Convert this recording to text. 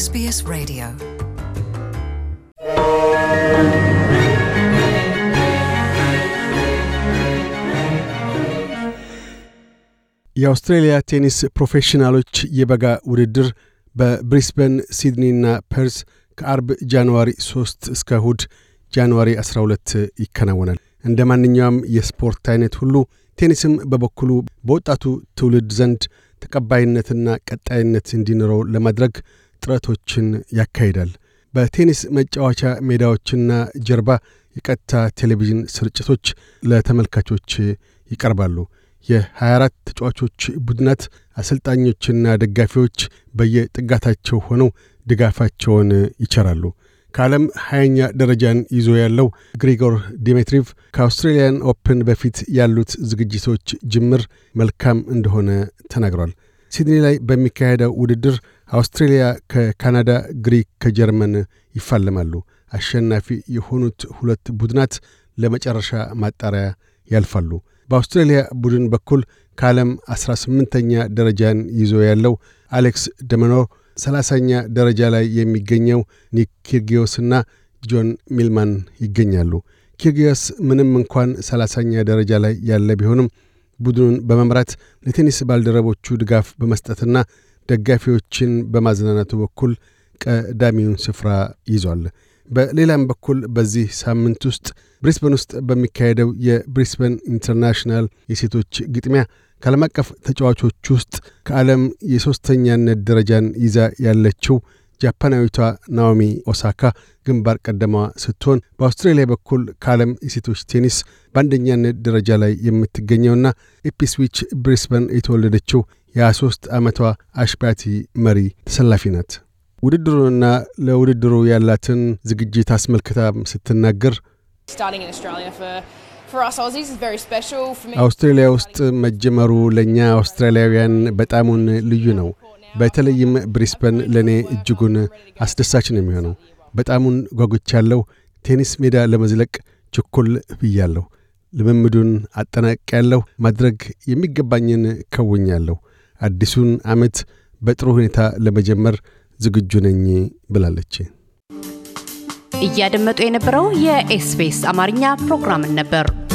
ኤስቢኤስ ሬዲዮ የአውስትሬልያ ቴኒስ ፕሮፌሽናሎች የበጋ ውድድር በብሪስበን ሲድኒና ፐርስ ከአርብ ጃንዋሪ 3 እስከ እሁድ ጃንዋሪ 12 ይከናወናል። እንደ ማንኛውም የስፖርት አይነት ሁሉ ቴኒስም በበኩሉ በወጣቱ ትውልድ ዘንድ ተቀባይነትና ቀጣይነት እንዲኖረው ለማድረግ ጥረቶችን ያካሂዳል። በቴኒስ መጫወቻ ሜዳዎችና ጀርባ የቀጥታ ቴሌቪዥን ስርጭቶች ለተመልካቾች ይቀርባሉ። የ24 ተጫዋቾች ቡድናት አሰልጣኞችና ደጋፊዎች በየጥጋታቸው ሆነው ድጋፋቸውን ይቸራሉ። ከዓለም 20ኛ ደረጃን ይዞ ያለው ግሪጎር ዲሜትሪቭ ከአውስትሬልያን ኦፕን በፊት ያሉት ዝግጅቶች ጅምር መልካም እንደሆነ ተናግሯል። ሲድኒ ላይ በሚካሄደው ውድድር አውስትሬልያ ከካናዳ፣ ግሪክ ከጀርመን ይፋለማሉ። አሸናፊ የሆኑት ሁለት ቡድናት ለመጨረሻ ማጣሪያ ያልፋሉ። በአውስትሬልያ ቡድን በኩል ከዓለም 18ኛ ደረጃን ይዞ ያለው አሌክስ ደመኖ ሰላሳኛ ደረጃ ላይ የሚገኘው ኒክ ኪርጊዮስና ጆን ሚልማን ይገኛሉ። ኪርጊዮስ ምንም እንኳን ሰላሳኛ ደረጃ ላይ ያለ ቢሆንም ቡድኑን በመምራት ለቴኒስ ባልደረቦቹ ድጋፍ በመስጠትና ደጋፊዎችን በማዝናናቱ በኩል ቀዳሚውን ስፍራ ይዟል። በሌላም በኩል በዚህ ሳምንት ውስጥ ብሪስበን ውስጥ በሚካሄደው የብሪስበን ኢንተርናሽናል የሴቶች ግጥሚያ ከዓለም አቀፍ ተጫዋቾች ውስጥ ከዓለም የሦስተኛነት ደረጃን ይዛ ያለችው ጃፓናዊቷ ናኦሚ ኦሳካ ግንባር ቀደማ ስትሆን በአውስትራሊያ በኩል ከዓለም የሴቶች ቴኒስ በአንደኛነት ደረጃ ላይ የምትገኘውና ኢፕስዊች ብሪስበን የተወለደችው የ23 ዓመቷ አሽባቲ መሪ ተሰላፊ ናት። ውድድሩንና ለውድድሩ ያላትን ዝግጅት አስመልክታም ስትናገር አውስትራሊያ ውስጥ መጀመሩ ለእኛ አውስትራሊያውያን በጣሙን ልዩ ነው። በተለይም ብሪስበን ለእኔ እጅጉን አስደሳች ነው የሚሆነው። በጣሙን ጓጉቻለሁ። ቴኒስ ሜዳ ለመዝለቅ ችኩል ብያለሁ። ልምምዱን አጠናቅቄያለሁ። ማድረግ የሚገባኝን ከውኛለሁ። አዲሱን ዓመት በጥሩ ሁኔታ ለመጀመር ዝግጁ ነኝ ብላለች። እያደመጡ የነበረው የኤስቢኤስ አማርኛ ፕሮግራምን ነበር።